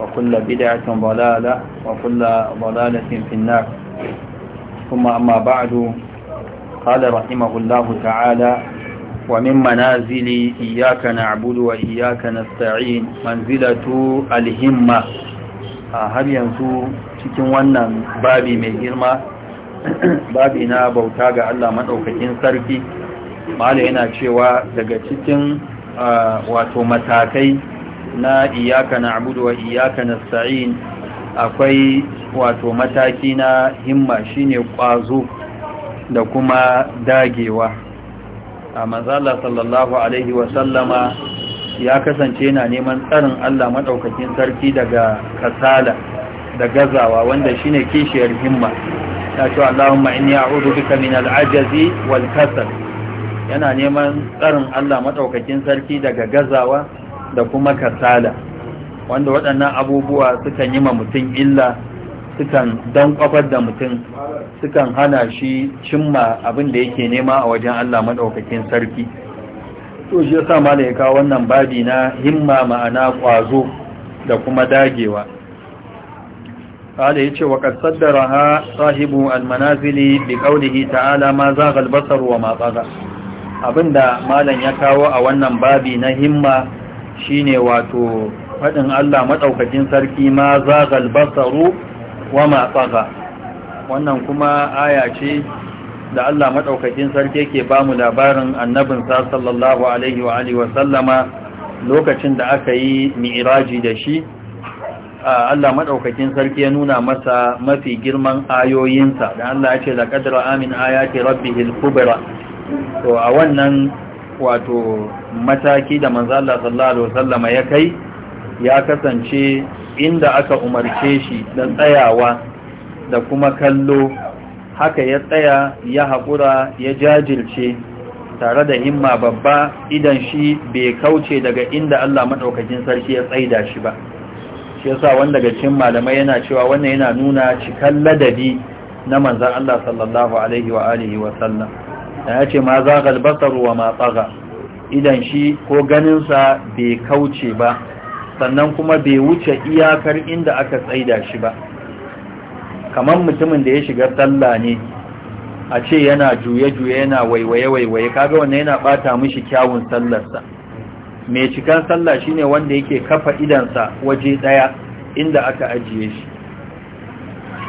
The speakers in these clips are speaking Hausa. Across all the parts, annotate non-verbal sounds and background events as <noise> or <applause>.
وكل بدعة ضلالة وكل ضلالة في النار ثم أما بعد قال رحمه الله تعالى ومن منازل إياك نعبد وإياك نستعين منزلة الهمة هل ينسو cikin wannan babi mai girma babi na bauta ga Allah madaukakin sarki mala yana cewa daga cikin wato matakai na iyaka na abudu wa iyaka na sa'in akwai wato mataki na himma shine ƙwazo da kuma dagewa a matsala sallallahu alaihi wasallama ya kasance na neman tsarin Allah maɗaukakin sarki daga kasala da gazawa wanda shine kishiyar himma ya ce in ya hudu duka min al'ajazi wal kasar yana neman tsarin Allah maɗaukakin sarki daga gazawa da kuma kasala wanda waɗannan abubuwa sukan yi ma mutum illa sukan don kwafar da mutum sukan hana shi cimma abin da yake nema a wajen Allah maɗaukakin sarki to shi yasa mala ya kawo wannan babi na himma ma'ana ƙwazo da kuma dagewa ya ce wa قال يتي وقد bi صاحب المنازل بقوله تعالى ما زاغ ma وما Abin abinda malam ya kawo a wannan babi na himma shine wato faɗin Allah maɗaukakin sarki ma zagal basaru wa ma wannan kuma aya ce da Allah maɗaukacin sarki yake ba mu labarin annabinsa sallallahu alaihi wa alihi lokacin da aka yi mi'iraji da shi Allah maɗaukakin sarki ya nuna masa mafi girman ayoyinsa da Allah ya ce la qadra amin ayati rabbihil kubra to a wannan wato mataki da manzala sallallahu alaihi ya kai ya kasance inda aka umarce shi da tsayawa da kuma kallo haka ya tsaya ya haƙura ya jajirce tare da himma babba idan shi bai kauce daga inda Allah maɗaukakin sarki ya tsaida shi ba shi yasa wanda daga cikin malamai yana cewa wannan yana nuna cikan ladabi na manzan Allah sallallahu alaihi wa alihi wa Da ya ce ma za ka wa ma tsaga idan shi ko ganinsa bai kauce ba sannan kuma bai wuce iyakar inda aka tsaida shi ba kamar mutumin da ya shiga sallah ne a ce yana juye-juye yana waiwaye-waiwaye kaga wannan yana bata mishi kyawun sallarsa mai cikan sallah ne wanda yake kafa idansa waje daya inda aka ajiye shi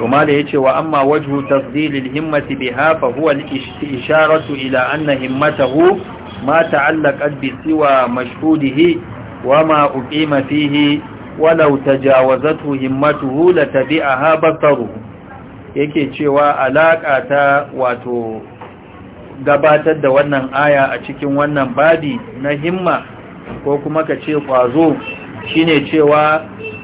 to ya yace wa amma wajhu tasdilil himmati biha fa huwa al-isharatu ila anna himmatahu ma ta'allaqat bi siwa mashhudihi wa ma uqima fihi walau tajawazathu himmatuhu latabi'aha basaruhu yake cewa alaka ta wato gabatar da wannan aya a cikin wannan babi na himma ko kuma ka ce kwazo shine cewa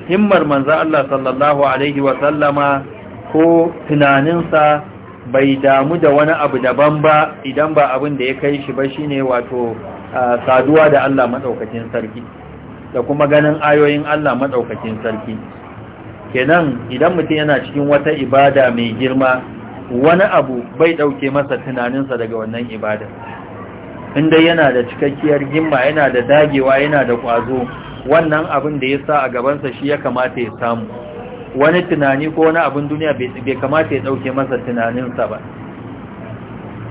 himmar manzo Allah sallallahu alaihi wa sallama ko tunaninsa bai damu da wani abu daban ba idan ba abin da ya kai shi ba shine wato saduwa da Allah maɗaukacin sarki da kuma ganin ayoyin Allah maɗaukacin sarki kenan idan mutum yana cikin wata ibada mai girma wani abu bai ɗauke masa tunaninsa daga wannan ibada In dai yana da cikakkiyar gima yana da dagewa yana da ƙwazo, wannan abin da ya sa a gabansa shi ya kamata ya samu wani tunani ko wani abin duniya bai kamata ya dauke masa tunaninsa ba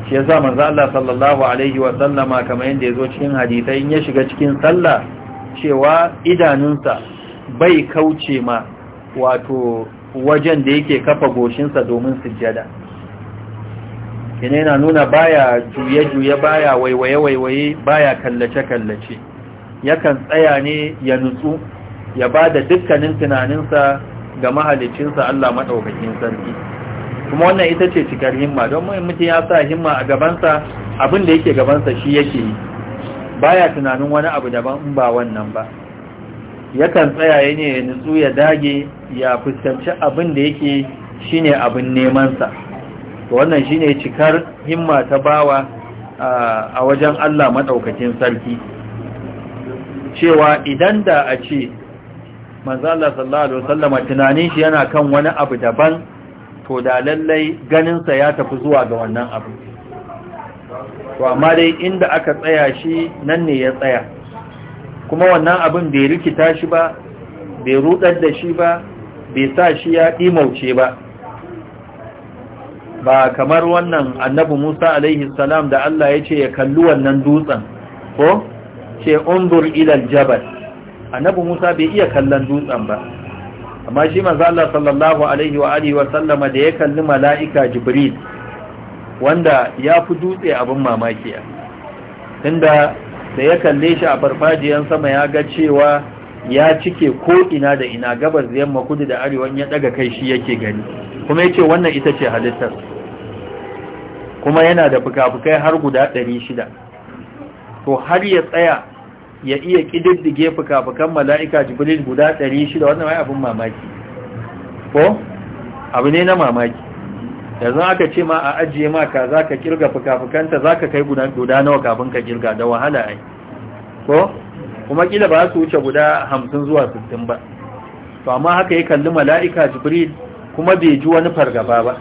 shi yasa manzo Allah sallallahu alaihi wa sallama kamar yanda yazo cikin hadisai in ya shiga cikin sallah cewa idanunsa bai kauce ma wato wajen da yake kafa goshinsa domin sujjada yana nuna baya juye-juye baya waiwaye-waiwaye baya kallace-kallace yakan tsaya ne ya nutsu ya ba da dukkanin tunaninsa ga mahalicinsa Allah maɗaukakin sarki kuma wannan ita ce cikar himma don mutum ya sa himma a gabansa abin da yake gabansa shi yake yi Ba ya tunanin wani abu daban in ba wannan ba yakan tsaya ne ya nutsu ya dage ya fuskanci abin da yake ne abin nemansa wannan shi ne cikar himma ta bawa a wajen Allah maɗaukakin sarki cewa idan da a ce manzala sallallahu alaihi wasallam tunanin shi yana kan wani abu daban to da lallai ganinsa ya tafi zuwa ga wannan abu to amma dai inda aka tsaya shi nan ne ya tsaya kuma wannan abin bai rikita shi ba bai rudar da shi ba bai sa shi ya dimauce ba ba kamar wannan annabi Musa alaihi salam da Allah ya ce ya kalli wannan dutsen ko ce unzur ila aljabal annabi Musa bai iya kallon dutsen ba amma shi manzo Allah sallallahu alaihi wa alihi wa sallama da ya kalli mala'ika Jibril wanda ya fi dutse abin mamaki tunda da ya kalle shi a farfajiyan sama ya ga cewa ya cike ko ina da ina gabas da yamma da arewa ya daga kai shi yake gani kuma yace wannan ita ce halittar kuma yana da fuka-fukai har guda 600 to har ya tsaya ya iya kididdige fuka-fukan mala'ika jibril guda 600 wannan wai abin mamaki ko abu ne na mamaki yanzu aka ce ma a ajiye maka za ka kirga fuka-fukanta za ka kai guda nawa kafin ka kirga da wahala ai ko kuma kila ba su wuce guda hamsin zuwa sittin ba to amma haka ya kalli mala'ika jibril kuma bai ji wani fargaba ba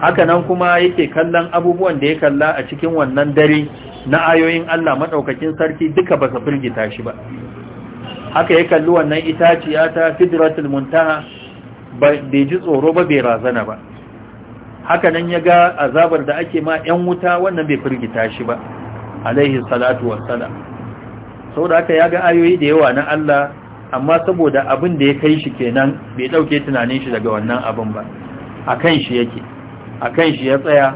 Hakanan nan kuma yake kallon abubuwan da ya kalla a cikin wannan dare na ayoyin Allah maɗaukakin sarki duka ba su firgita shi ba haka ya kalli wannan itaciya ta fidratul muntaha bai ji tsoro ba bai razana ba Hakanan nan ya ga azabar da ake ma 'yan wuta wannan bai firgita shi ba alaihi salatu wassalam sau da haka ya ga ayoyi da yawa na Allah amma saboda abin da ya kai shi kenan bai ɗauke tunanin shi daga wannan abin ba a kan shi yake akan shi ya tsaya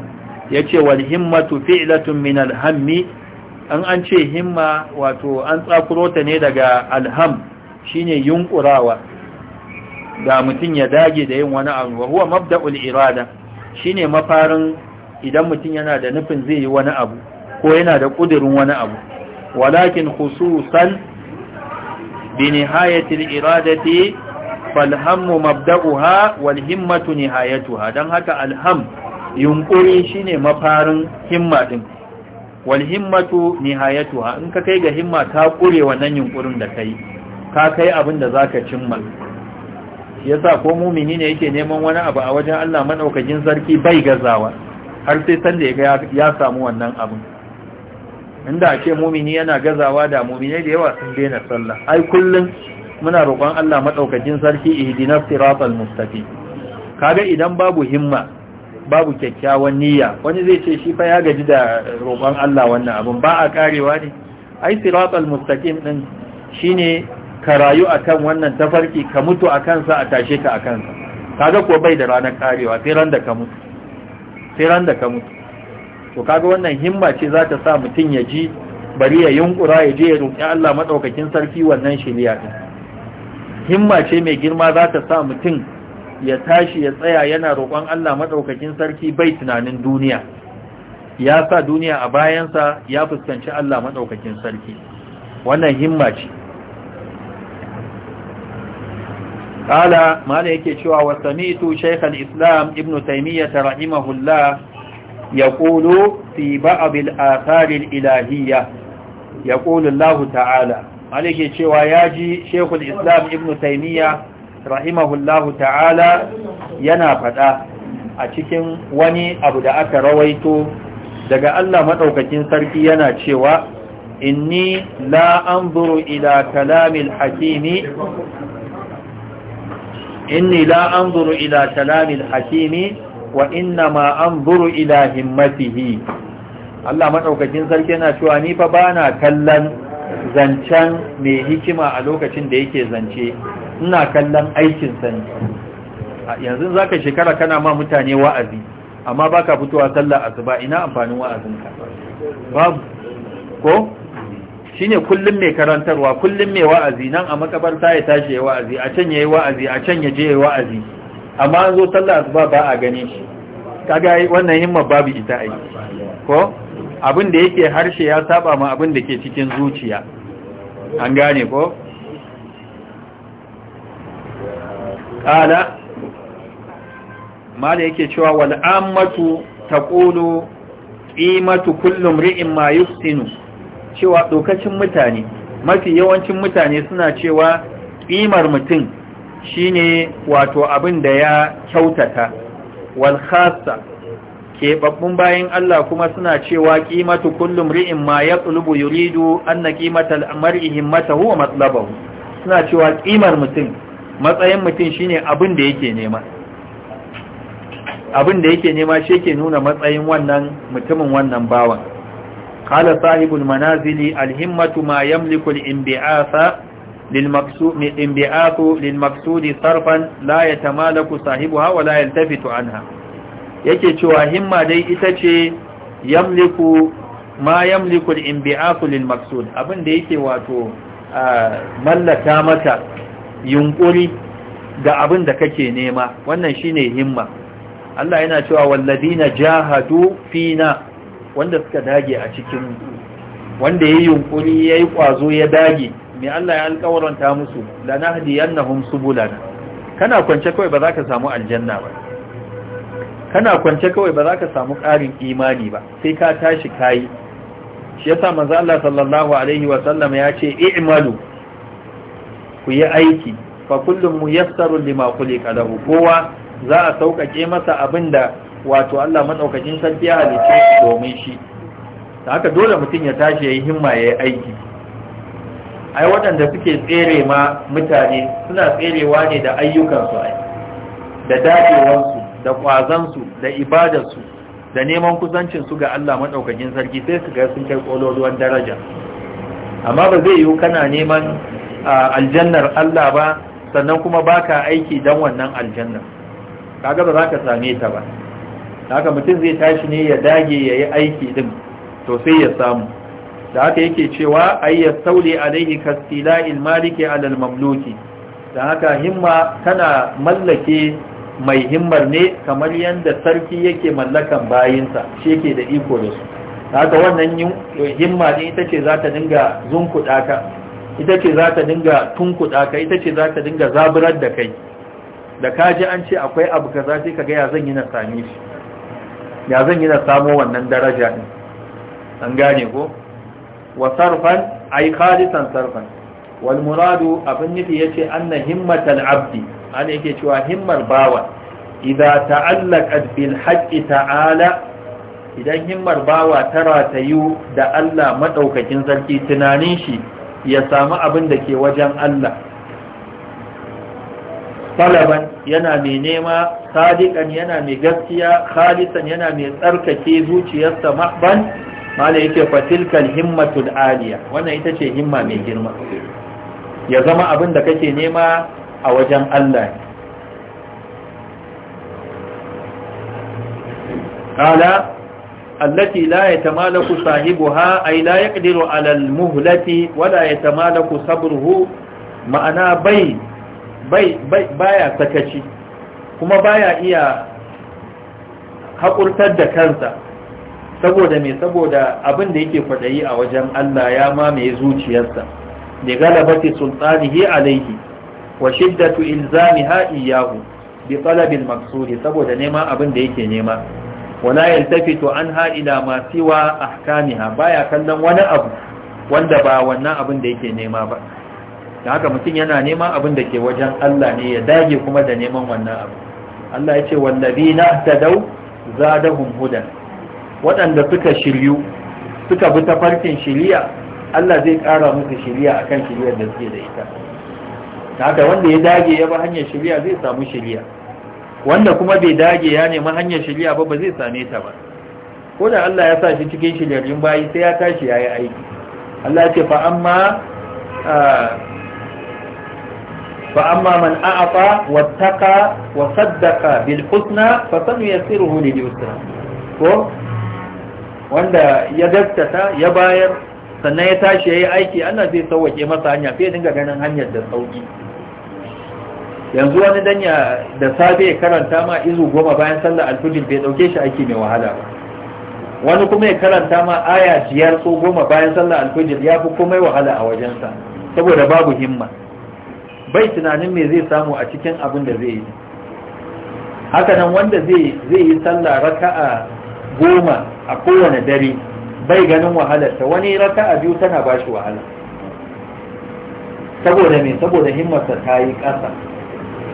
ya ce, wal himmatu fi'latun min alhammi." hammi an an ce himma wato an tsakuro ta ne daga alham shine yunkurawa da mutum ya dage da yin wani abu wa huwa mabda'ul irada shine mafarin idan mutum yana da nufin zai yi wani abu ko yana da kudirin wani abu walakin khususan bi nihayati al-iradati falhammu mabda'uha wal himmatu nihayatuha dan haka alham yunkuri shine mafarin himma din wal himmatu nihayatuha in ka kai ga himma ta kure wannan yunkurin da kai ka kai abin da zaka cimma yasa ko mumini ne yake neman wani abu a wajen Allah madaukakin sarki bai gazawa har sai san da ya samu wannan abin inda ake mumini yana gazawa da mumini da yawa sun daina sallah ai kullun muna roƙon Allah madaukakin sarki ihdinas siratal mustaqim kaga idan babu himma babu kyakkyawan niyya wani zai ce shi fa ya gaji da roƙon Allah wannan abun ba a karewa ne ai siratal mustaqim din shine ka rayu akan wannan tafarki ka mutu akan sa a tashe ka akan sa kaga ko bai da ranar karewa sai ran da ka mutu sai ran da ka mutu to kaga wannan himma ce za ta sa mutum ya ji bari ya yunkura ya je ya roƙi Allah madaukakin sarki wannan shiriya din himma ce mai girma za ta sa mutum ya tashi ya tsaya yana roƙon Allah maɗaukakin sarki bai tunanin duniya ya sa duniya a bayansa ya fuskanci Allah maɗaukakin sarki wannan himma ce ƙala Malam yake cewa wa samitu shaikhal islam ibn ta rahimahullah ya ƙolo fi ba'abil asarin ilahiyya ya ƙolo Allah ta'ala malik cewa ya ji shekul islam ibn taimiyya rahimahullahu ta'ala yana faɗa a cikin wani abu da aka rawaito daga allah maɗaukakin sarki yana cewa inni la buru ila kalamil hakimi inni la anzuru ila kalamil hakimi wa inna ma anzuru ila himmatihi Allah maɗaukakin sarki yana cewa ni fa bana kallon zancen mai hikima a lokacin da yake zance ina kallon aikin sani yanzu za ka shekara kana ma mutane wa'azi amma ba ka fitowa sallar asuba ina amfanin wa'azinka babu ko shi ne kullum mai karantarwa kullum mai wa'azi nan a makabarta ya tashi ya wa'azi a can ya yi wa'azi a can ya je ya wa'azi amma an zo a asuba ba a gane shi kaga wannan himma babu ita aiki ko abin da yake harshe ya saba ma abin da ke cikin zuciya an gane ko ƙala mala yake cewa wal'ammatu ta ƙolo ƙimatu kullum ri'in ma yustinu cewa ɗokacin mutane mafi yawancin mutane suna cewa ƙimar mutum shine wato abin da ya kyautata wal khassa keɓaɓɓun bayan Allah kuma suna cewa ƙimatu kullum ri'in ma ya tsulubu yuridu an na ƙimata mar'i himmata huwa matsalabahu suna cewa ƙimar mutum matsayin mutum shine abin da yake nema abin da yake nema shi yake nuna matsayin wannan mutumin wannan bawan Kala sahibul manazili alhimmatu ma yamliku al-inbi'atha للمقصود انبعاث للمقصود صرفا لا يتمالك صاحبها ولا يلتفت عنها yake cewa himma dai ita ce yamliku ma yamliku al-inbi'atu lil maqsud abin da yake wato mallaka mata yunkuri da abin da kake nema wannan shine himma Allah yana cewa walladina jahadu fina wanda suka dage a cikin wanda yayi yunkuri yayi kwazo ya dage me Allah ya alƙawaranta musu lanahdiyannahum subulana kana kwance kawai ba za ka samu aljanna ba kana kwance kawai ba za ka samu ƙarin imani ba sai ka tashi kayi shi yasa manzo Allah sallallahu alaihi wa sallam ya ce i'malu ku yi aiki fa kullum muyassaru lima khuliqa lahu kowa za a sauƙaƙe masa abinda wato Allah madaukakin sarki ya halice domin shi da haka dole mutum ya tashi yayi himma ya yi aiki ai waɗanda suke tsere ma mutane suna tserewa ne da ayyukansu ai da dadewansu da kwazansu da ibadarsu da neman kusancinsu ga Allah maɗaukakin sarki sai su ga sun kai ƙololuwan daraja amma ba zai yiwu kana neman aljannar Allah ba sannan kuma ba ka aiki don wannan aljannar kaga ba za ka same ta ba haka mutum zai tashi ne ya dage ya yi aiki din to sai ya samu da haka yake cewa ai ya saule alaihi kastila ilmaliki alal mamluki da haka himma tana mallake mai himmar ne kamar yadda sarki yake mallakan bayinsa shi yake da iko da su haka wannan himma ne ita ce za ta dinga zunkuɗa ka ita ce za ta dinga tunkuɗa ka ita ce za ta dinga zaburar da kai da ka ji an ce akwai abu ka za ka ga ya zan yi na same shi ya zan na samo wannan daraja ɗin an gane ko wa sarfan ai khalisan sarfan wal abin nufi yace anna himmatal abdi ke yake cewa himmar bawa idza ta'allaqat bil ta'ala idan himmar bawa ta ratayu da Allah maɗaukakin sarki tunanin shi ya samu abin da ke wajen Allah talaban yana mai nema sadiqan yana mai gaskiya khalisan yana mai tsarkake zuciyarsa mahban mala yake fatilkal himmatul aliya wannan ita ce himma mai girma ya zama abin da kake nema a wajen Allah qala allati la yatamalaku sahibuha ay la yaqdiru ala almuhlati wa la yatamalaku sabruhu ma'ana bai baya sakaci kuma baya iya haƙurtar da kansa saboda me saboda abin da yake kwaɗayi a wajen Allah ya mamaye zuciyarsa li galabati sultanihi alaihi wa shiddatu ilzamiha iyyahu bi talabi al saboda neman abin da yake nema wala yaltafitu anha ila ma siwa ahkamiha baya kallon wani abu wanda ba wannan abin da yake nema ba da haka mutum yana neman abin da ke wajen Allah ne ya dage kuma da neman wannan abu Allah ya ce wallazina tadaw zadahum hudan waɗanda suka shiryu suka bi farkin shiriya Allah zai ƙara musu shiriya akan shiriyar da suke da ita haka wanda ya dage ya ba hanyar shiriya zai samu shiriya wanda kuma bai dage ya nemi hanyar shiriya ba ba zai same ta ba ko da Allah ya sa shi cikin shiryarin bayi sai ya tashi ya yi aiki Allah ce fa amma fa amma man a'afa wattaqa wa saddaqa bil husna fa sanuyassiruhu lil yusra ko wanda ya gaskata ya bayar sannan ya tashi ya yi aiki ana zai sauwake masa hanya da dinga ganin hanyar da sauki yanzu wani danya da safe ya karanta ma izu goma bayan sallar alfijir bai dauke shi aiki mai wahala wani kuma ya karanta ma aya biyar ko goma bayan sallar alfijir ya fi komai wahala a wajensa saboda babu himma bai tunanin me zai samu a cikin abin da zai yi haka nan wanda zai yi sallah raka'a goma a kowane dare bai ganin wahalarta wani raka a biyu tana ba shi wahala saboda me saboda himmarsa ta yi ƙasa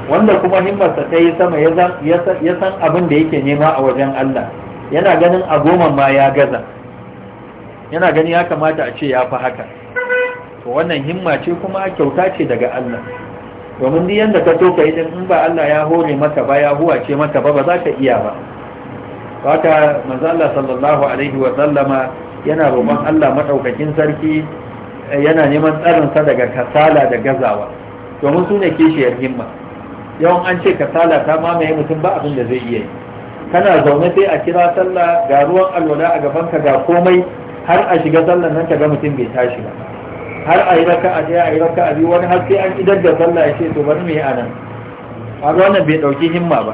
wanda kuma himmarsa ta yi sama ya san abin da yake nema a wajen Allah yana ganin a goma ma ya gaza yana gani ya kamata a ce ya fi haka to wannan himma ce kuma kyauta ce daga Allah domin duk yanda ka toka idan in ba Allah ya hore maka ba ya huwa ce maka ba ba za ka iya ba haka manzo Allah sallallahu alaihi wa sallama yana roƙon Allah maɗaukakin sarki eh, yana neman tsarinsa daga kasala da gazawa domin su ne kishiyar himma yawan an ce kasala ta mamaye mutum ba abin da zai iya yi kana zaune sai a kira sallah ga ruwan alwala a gabanka ga komai har a shiga sallan nan ga mutum bai tashi ba har a yi raka a a yi raka a biyu wani har sai an idar da sallah ya ce to bari mu yi anan a wannan bai ɗauki himma ba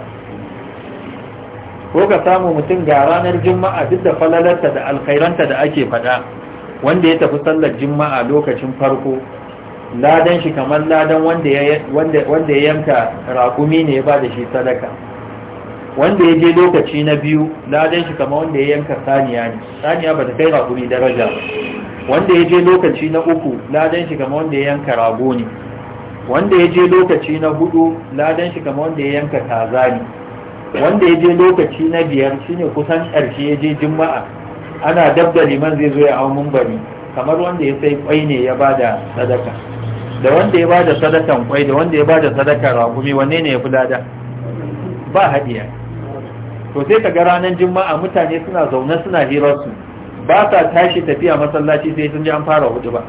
ko ka samu mutum ga ranar juma'a duk da falalarta da alkhairanta da ake faɗa wanda ya tafi sallar juma'a lokacin farko ladan shi kamar ladan wanda ya wanda ya yanka rakumi ne ya ba da shi sadaka wanda ya je lokaci na biyu ladan shi kamar wanda ya yanka saniya ne saniya ba ta kai raƙumi daraja ba wanda ya je lokaci na uku ladan shi kamar wanda ya yanka rago ne wanda ya je lokaci na hudu ladan shi kamar wanda ya yanka kaza ne wanda ya je lokaci na biyar shine kusan ƙarshe ya je juma'a ana dab da zai zo ya hau mumbari kamar wanda ya sai kwai ne ya ba da sadaka da wanda ya ba da sadakan kwai da wanda ya ba da sadaka ragumi wanne ne ya fi lada ba hadiya to sai ka ga ranar juma'a mutane suna zaune suna hirar su, ba sa tashi tafiya masallaci sai sun ji an fara hudu ba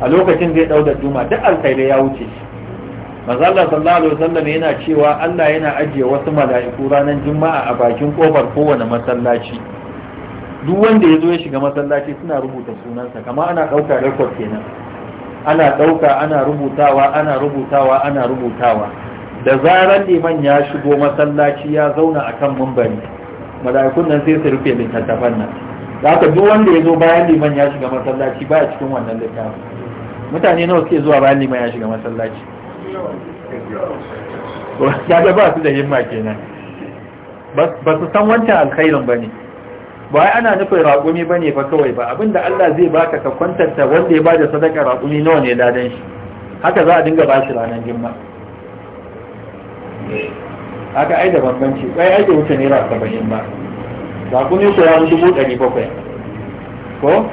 a lokacin zai ɗau da duma duk alkhairai ya wuce shi mazalla sallallahu alaihi wasallam yana cewa Allah yana ajiye wasu mala'iku ranar juma'a a bakin kofar kowane masallaci duk wanda ya zo ya shiga masallaci suna rubuta sunansa kama ana ɗauka rekod kenan ana ɗauka ana rubutawa ana rubutawa ana rubutawa da zarar liman ya shigo masallaci ya zauna akan mumbari mala'ikun nan sai su rufe littattafan nan da duk wanda ya zo bayan liman ya shiga masallaci baya cikin wannan littafin mutane nawa suke zuwa bayan liman ya shiga masallaci kaga ba su da himma kenan ba su san wancan alkhairin ba ne ba ana nufin raƙumi ba ne ba kawai ba abinda Allah zai baka ka kwantarta wanda ya bada sadaka raƙumi nawa ne ladan shi haka za a dinga ba shi ranar himma haka ai da bambanci kai ai da wuce naira saba'in ba raƙumi ko ya dubu ɗari bakwai ko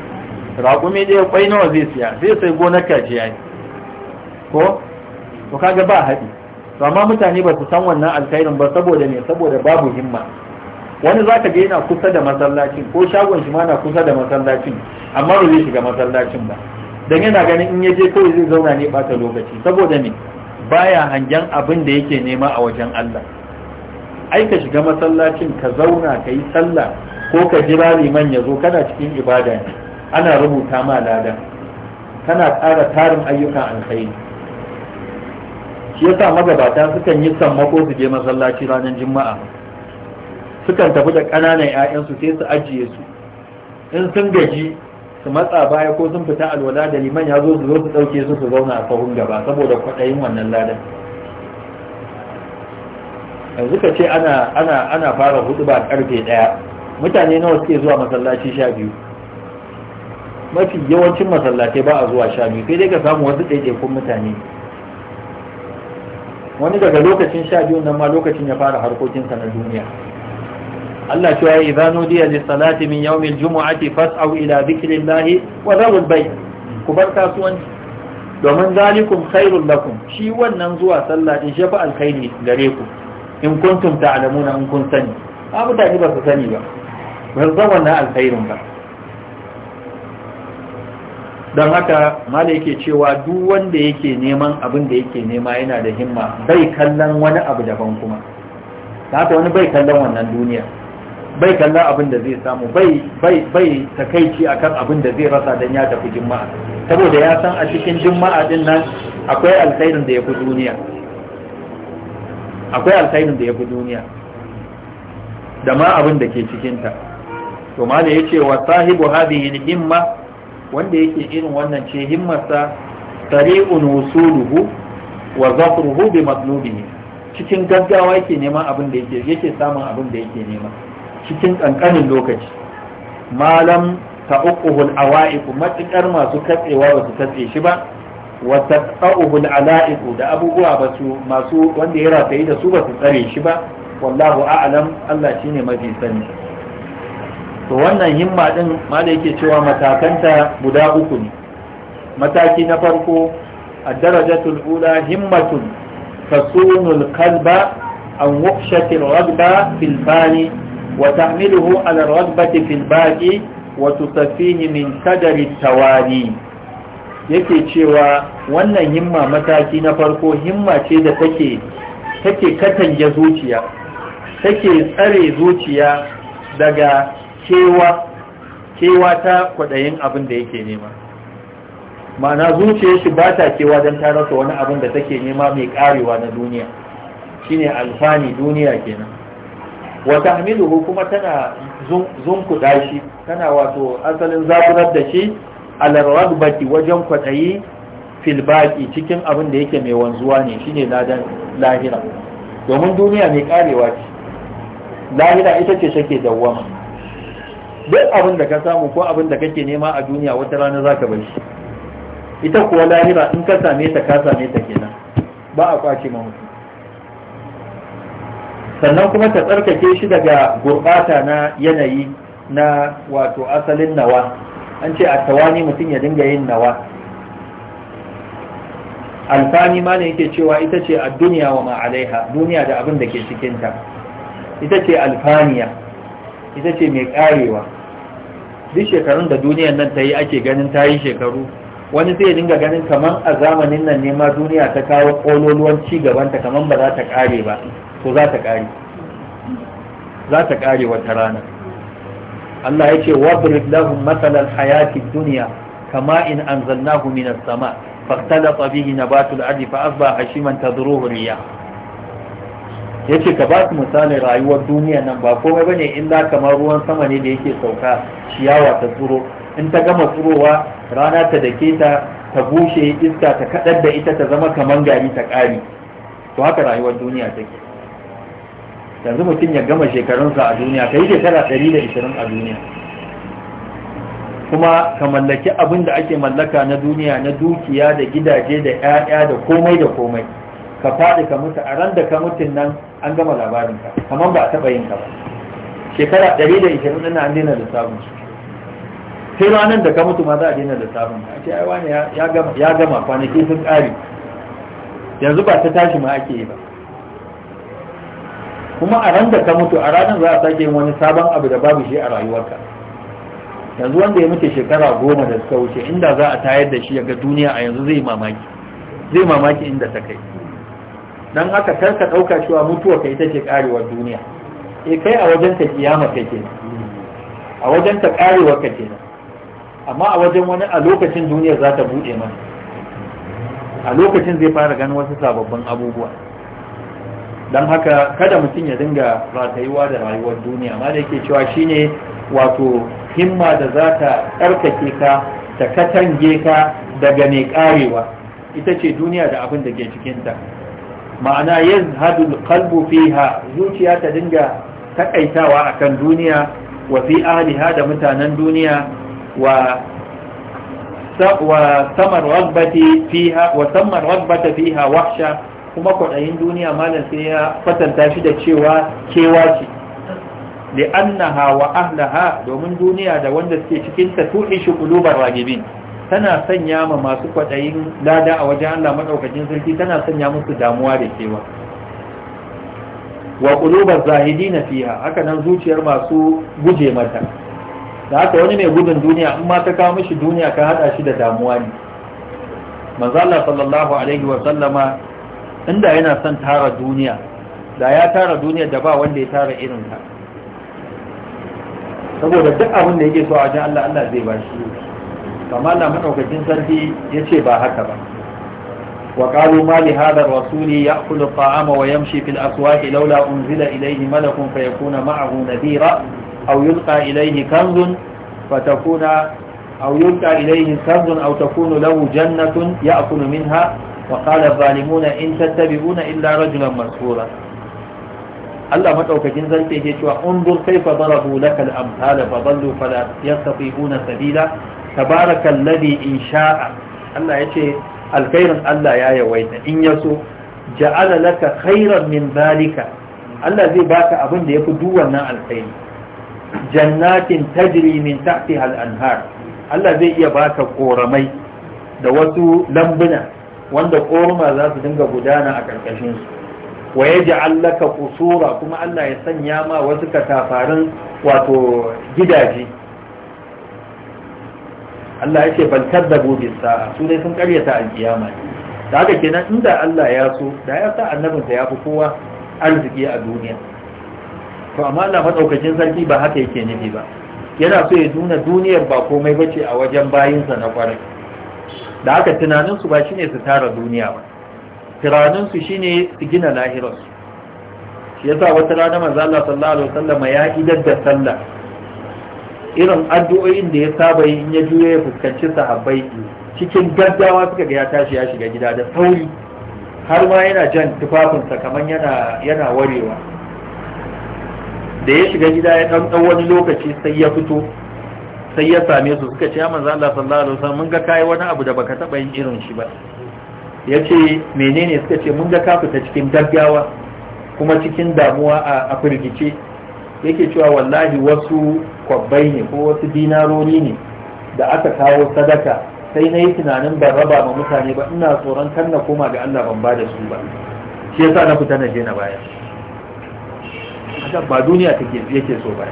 raƙumi ɗaya kwai nawa zai siya zai sai gonar ne. ko to kaga ba haɗi to amma mutane ba su san wannan alkhairin ba saboda ne saboda babu himma wani za ka ga yana kusa da masallacin ko shagon shi ma na kusa da masallacin amma ba zai shiga masallacin ba dan yana ganin in ya je kawai zai zauna ne bata lokaci saboda ne baya hangen abin da yake nema a wajen Allah ai ka shiga masallacin ka zauna ka yi sallah ko ka jira liman ya zo kana cikin ibada ne ana rubuta ma Ladan. kana ƙara tarin ayyukan alkhairi shi yasa magabata sukan yi sammako su je masallaci ranar juma'a sukan tafi da ƙananan 'ya'yansu sai su ajiye su in sun gaji su matsa baya ko sun fita alwala da liman ya zo su zo su ɗauke su su zauna a sahun gaba saboda kwaɗayin wannan ladan yanzu ka ce ana fara hudu ba karfe ɗaya mutane nawa suke zuwa masallaci sha biyu mafi yawancin masallatai ba a zuwa sha biyu sai dai ka samu wasu ɗaiɗaikun mutane wani daga lokacin sha biyu nan ma lokacin ya fara harkokinsa na duniya Allah cewa idza nudiya lis salati min yawmil jumu'ati fas'au ila dhikrillahi wa dharul bay ku bar kasuwanci domin zalikum khairul lakum shi wannan zuwa sallah din shafa alkhairi gare ku in kuntum ta'lamuna in kun sani ba mutane ba su sani ba ba zan wannan alkhairin ba don haka malai yake cewa duk wanda yake neman abin da yake nema yana da himma bai kallon wani abu daban kuma ta haka wani bai kallon wannan duniya bai kallon abin da zai samu bai takaici akan abin da zai rasa don ya tafi jima'a saboda ya san a cikin jima'a din nan akwai alkhairin da ya fi duniya akwai alkhairin da ya fi duniya da ma abin da ke cikinta to mala ya ce wa sahibu hadhihi himma wanda yake irin wannan ce himmarsa tari'un wusuluhu wa zafruhu bi matlubihi cikin gaggawa yake neman abin da yake yake samun abin da yake nema cikin kankanin lokaci malam ta'uquhul awa'iq matikar masu katsewa ba su katse shi ba wa taqahu al'a'iq da abubuwa ba su masu wanda ya rataye da su ba su tsare shi ba wallahu a'lam Allah shine mafi sani to wannan himma ɗin, ma yake cewa matakanta guda uku ne mataki na farko a darajatul ula himmatun fasunul kalba an wakshatin ragba fil bani wa ta'miluhu ala ragbati fil baki wa tusafini min sadari tawari yake cewa wannan himma mataki na farko himma ce da take katange katanje zuciya take tsare zuciya daga kewa ta kwaɗayin abin da yake nema ma'ana zuciyar shi ba ta kewa don ta rasa wani abin da take nema mai karewa na duniya Shi ne alfani duniya kenan wata hamiluhu kuma tana zunkuɗa shi tana wato asalin zaburar da shi baki wajen kwaɗayi filbaki cikin abin da yake mai wanzuwa ne shi ladan lahira domin duniya mai karewa ce lahira ita ce take dawwama duk abin da ka samu ko abin da kake nema a duniya wata rana za ka shi ita kuwa lahira in ka same ta ka same ta kenan ba a kwace ma mutum sannan kuma ta tsarkake shi daga gurbata na yanayi na wato asalin nawa an ce a tawani mutum ya dinga yin nawa alfani ma ne yake cewa ita ce a duniya wa ma'alaiha duniya da abin da ke cikinta ita ce alfaniya ita ce mai karewa duk shekarun da duniyar nan ta yi ake ganin ta yi shekaru wani zai dinga ganin kamar a zamanin nan ne ma duniya ta kawo ƙololuwan ci gabanta kamar ba za ta ƙare ba za ta ƙare za ta ƙare wata rana Allah ya ce wadrib lahum matsalar hayati duniya, kama in anzalnahu minas sama fahtalafa bihi nabatul ardi fa asbaha hashiman tadruhu riyah ya ce ka ba su misalin rayuwar duniya nan ba komai ne inda kamar ruwan sama ne da yake sauka ciyawa ta tsuro in ta gama tsurowa, rana ta dake ta ta bushe iska ta kadar da ita ta zama kamar gari ta ƙari to haka rayuwar duniya take yanzu mutum ya gama shekarunsa a duniya ka yi shekara ɗari da ishirin a duniya kuma ka mallaki abin da ake mallaka na duniya na dukiya da gidaje da 'ya'ya da komai da komai ka faɗi ka mutu a ran da ka mutun nan an gama labarin ka kamar ba a taɓa yin ka ba shekara 120 ɗin an daina da su sai ranar da ka mutu ma za a daina sabon ka ce ai wani ya gama kwanaki sun ƙari yanzu ba ta tashi ma ake yi ba kuma a ran da ka mutu a ranar za a sake yin wani sabon abu da babu shi a rayuwarka yanzu wanda ya mutu shekara goma da suka wuce inda za a tayar da shi ya ga duniya a yanzu zai mamaki zai mamaki inda ta kai don haka kar ka ɗauka cewa mutuwa ka ita ce ƙarewar duniya e kai a wajen ta kiyama ka ke a wajen ta ƙarewar ka ke amma a wajen wani a lokacin duniya za ta buɗe mana a lokacin zai fara ganin wasu sababbin abubuwa don haka kada mutum ya dinga ratayuwa da rayuwar duniya amma da yake cewa shine wato himma da za ta tsarkake ka ta katange ka daga mai karewa ita ce duniya da abin da ke cikinta ma'ana hadu kalbu fiha zuciya ta dinga takaitawa akan duniya wa fi ahliha da mutanen duniya wa samar fiha rabbata fiha wahsha kuma kwaɗayin duniya malam sai ya fatanta shi da cewa kewa ce li'annaha wa ahlaha domin duniya da wanda suke cikin ta tuhi shi kulubar ragibin tana sanya ma masu kwaɗayin lada a wajen Allah maɗaukacin sarki tana sanya musu damuwa da kewa wa ƙulubar zahidi na fiya, haka nan zuciyar masu guje mata da haka wani mai gudun duniya in ma ta kawo mishi duniya ka haɗa shi da damuwa ne manzala sallallahu alaihi wa sallama inda yana son tara duniya da ya tara duniya da ba wanda ya tara irin ta saboda duk abin da yake so a wajen Allah Allah zai ba shi kama na maɗaukakin sarki ya ce ba haka ba wa ƙalu ma li hadar rasuli ya kulu ta'ama wa yamshi fil aswaqi laula unzila ilayhi malakun fa yakuna ma'ahu nadira aw yulqa ilaihi kanzun fa takuna aw yulqa ilayhi kanzun aw takunu lahu jannatun ya'kulu minha wa qala adh-dhalimuna in tattabi'una illa rajulan masfura Allah madaukakin zance yake cewa unzur kaifa darabu lakal amsala fa dallu fala yastati'una sabila tabarakan ladi in sha'a Allah ya ce alkhairin Allah ya yawaita in ya so ja'ala laka khairan min zalika Allah zai baka abin da yafi duk wannan alkhairi jannatin tajri min tahtiha al-anhar Allah zai iya baka koramai da wasu lambuna wanda koruma za su dinga gudana a karkashin su wa yaj'al laka qusura kuma Allah ya sanya ma wasu katafarin wato gidaje Allah ya ce bal da bis sa'a su dai sun karyata alkiyama ne da haka kenan inda Allah ya so da ya sa annabin ya fi kowa arziki a duniya to amma Allah madaukakin sarki ba haka yake nufi ba yana so ya nuna duniyar ba komai bace a wajen bayinsa na kwarai da haka tunaninsu su ba shine su tara duniya ba tunanin su shine su gina lahirar shi yasa wata rana manzo Allah sallallahu alaihi wasallam ya idar da sallah irin addu'o'in da ya saba yi ya juya ya fuskanci sahabbai cikin gaggawa suka ga ya tashi ya shiga gida da sauri har ma yana jan tufafinsa kamar yana yana warewa da ya shiga gida ya dan wani lokaci sai ya fito sai ya same su suka ce ya manzo Allah sallallahu alaihi wasallam mun ga kai wani abu da baka taɓa yin irin shi ba yace menene suka ce mun ga ka fita cikin gaggawa kuma cikin damuwa a firgice yake cewa wallahi wasu kwabbai ne ko wasu dinarori ne da aka kawo sadaka sai na yi tunanin ban raba ma mutane ba ina tsoron kan na koma ga Allah ban ba da su ba shi yasa na fita na je na baya ba duniya take yake so ba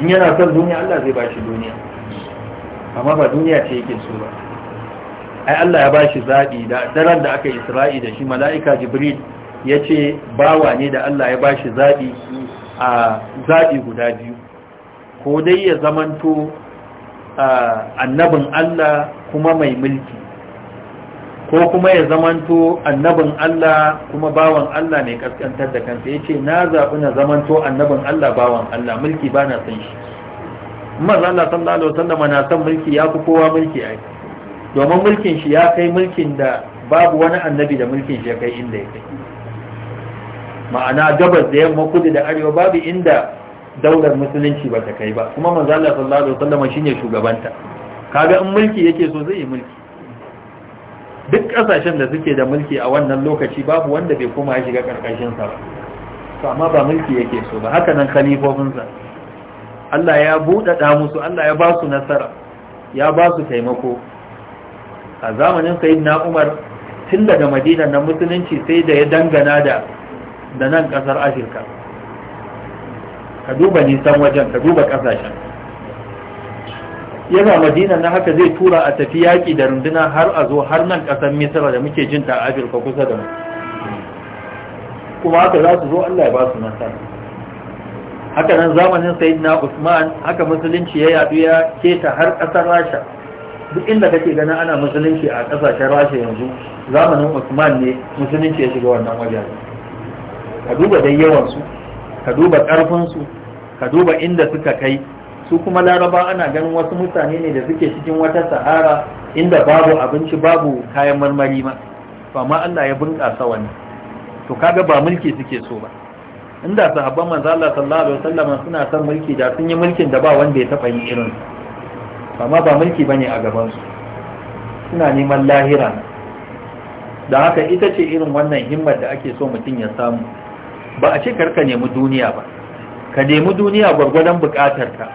in yana son duniya Allah zai ba shi duniya amma ba duniya ce yake so ba ai Allah ya ba shi zaɓi da daren da aka isra'i da shi mala'ika jibril ya ce bawa ne da Allah ya ba shi zaɓi a zaɓi guda biyu ko dai ya zamanto annabin Allah kuma mai mulki ko kuma ya zamanto annabin Allah kuma bawan Allah mai kaskantar da kansa yace na zabi na zamanto annabin Allah bawan Allah mulki ba na san shi maza Allah sallallahu alaihi wasallam na san mulki ya fi kowa mulki ai domin mulkin shi ya kai mulkin da babu wani annabi da mulkin shi ya kai inda ya kai ma'ana gabas da yamma kudu da arewa babu inda daular musulunci ba ta kai ba kuma manzo Allah sallallahu alaihi wasallam shine shugabanta kaga in mulki yake so zai yi mulki duk kasashen da suke da mulki a wannan lokaci babu wanda bai kuma ya shiga karkashin sa to amma ba mulki yake so ba haka nan khalifofin sa Allah ya buɗaɗa musu Allah ya ba su nasara ya ba su taimako a zamanin sayyidina Umar tun daga Madina na musulunci sai da ya dangana da da nan kasar Afirka ka duba nisan wajen ka duba kasashen yana madina na haka zai tura a tafi yaƙi da runduna har a zo har nan ƙasar misira da muke jin ta afirka kusa da mu kuma haka za su zo allah ya ba su nasara haka nan zamanin sayidina usman haka musulunci ya yadu ya keta har ƙasar rasha duk inda kake gana ana musulunci a ƙasashen rasha yanzu zamanin usman ne musulunci ya shiga wannan wajen ka duba dai yawansu ka duba ƙarfinsu ka duba inda suka kai su kuma laraba ana ganin wasu mutane ne da suke cikin wata sahara inda babu abinci babu kayan marmari ma ba ma Allah ya bunƙasa wani to kaga ba mulki suke so ba inda sahabban manzo Allah sallallahu alaihi wasallam suna son mulki da sun yi mulkin da ba wanda ya taba yi irin su ma ba mulki bane a gaban su suna neman lahira da haka ita ce irin wannan himmar da ake so mutum ya samu ba a ce karka nemi duniya ba ka nemi duniya gwargwadon bukatarka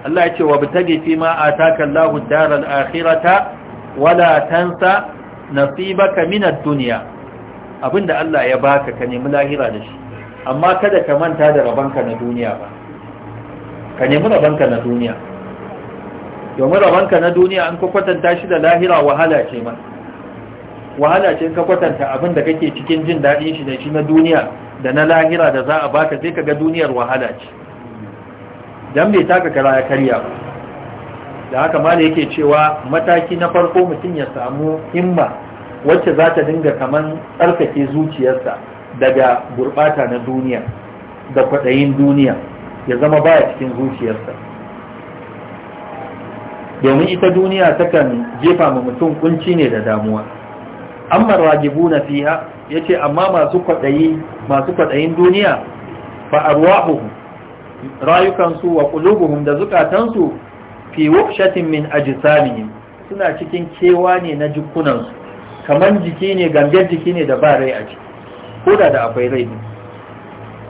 Allah ya ce wa bitagi fi ma ataka Allahu daral akhirata wala tansa nasibaka minar duniya. dunya abinda Allah ya baka ka nemi lahira da shi amma kada ka manta da rabanka na duniya ba ka nemi rabanka na duniya domin rabanka na duniya an kwatanta shi da lahira wahala ce ma wahala ce ka kwatanta abin da kake cikin jin daɗin shi da shi na duniya da na lahira da za a baka sai ka ga duniyar wahala ce dan bai taka kara ya karya da haka ma yake cewa mataki na farko mutum ya samu himma wacce za ta dinga kaman tsarkake zuciyarsa daga gurɓata na duniya da kwaɗayin duniya ya zama baya cikin zuciyarsa domin ita duniya takan jefa ma mutum kunci ne da damuwa amma ragibuna ya ce, amma masu kwadayi masu kwadayin duniya fa arwahuhum rayukansu wa qulubuhum da zukatansu fi wukshatin min ajsamihim suna cikin kewa ne na jikunansu kaman jiki ne gangar jiki ne da ba rai a ciki ko da da akwai rai ne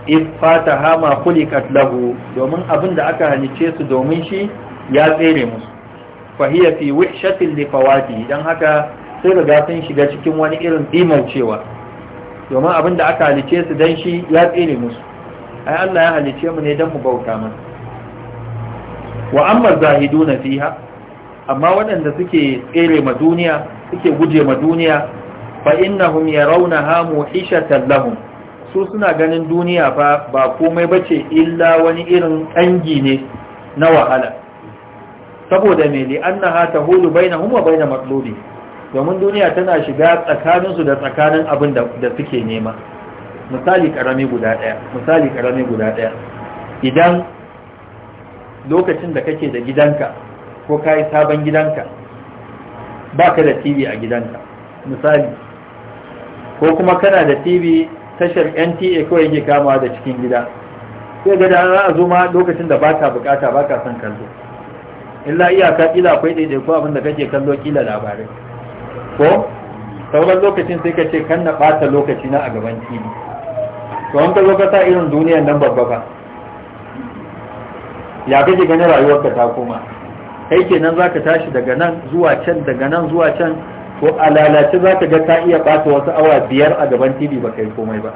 if fataha ma kulikat lahu domin abin da aka halice su domin shi ya tsere musu fa hiya fi li fawati haka sai riga sun shiga cikin wani irin cewa, domin abin da aka halice su don shi ya tsere musu ai Allah ya halice mu ne don mu bauta mana wa amma zahiduna fiha amma waɗanda suke tsere ma duniya suke guje ma duniya fa innahum yarawnaha muhishatan lahum su suna ganin duniya fa ba komai bace illa wani irin kangi ne na wahala saboda me li annaha tahulu bainahum wa bainal matlubi domin duniya tana shiga tsakaninsu da tsakanin abin da suke nema misali karami guda ɗaya misali karami guda daya idan lokacin da kake da gidanka ko ka yi sabon gidanka ba ka da tv a gidanka misali ko kuma kana da tv tashar nta kawai yake kamawa da cikin gida sai ga za a zo ma lokacin da ba ka bukata ba ka son kallo illa iyaka kila akwai ɗaiɗaiku abin da kake kallo kila labarai ko sauran lokacin sai ka ce kan na bata lokaci na a gaban tv to an ka lokata irin duniyan nan babba ba ya kake ganin rayuwarka ta koma kai kenan za ka tashi daga nan zuwa can daga nan zuwa can ko a lalace za ka ga ta iya bata wasu awa biyar a gaban tv ba ka yi komai ba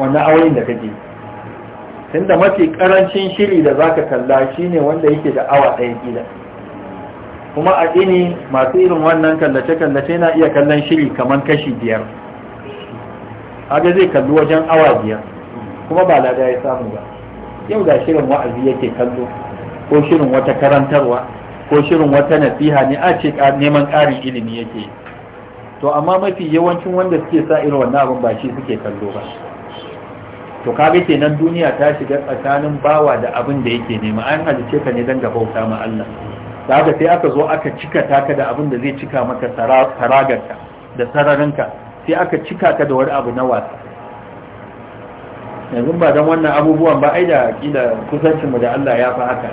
wannan awayin da kake tunda mafi karancin shiri da za ka kalla ne wanda yake da awa ɗaya ƙila kuma a ini masu irin wannan kallace-kallace na iya kallon shiri kamar kashi biyar haka zai kallo wajen awa biyar kuma ba lada ya samu ba yau da shirin wa'azi yake kallo ko shirin wata karantarwa ko shirin wata nasiha ne a ce neman ƙarin ilimi yake to amma mafi yawancin wanda suke sa irin wannan abin ba shi suke kallo ba to kaga kenan duniya ta shiga tsakanin bawa da abin da yake nema an halice ka ne don ga bauta ma Allah da haka sai aka zo aka cika taka da abin da zai cika maka saragarka da sararinka sai aka cika ka da wani abu na wasa yanzu ba don wannan abubuwan ba ai da kila kusancinmu da Allah ya fi haka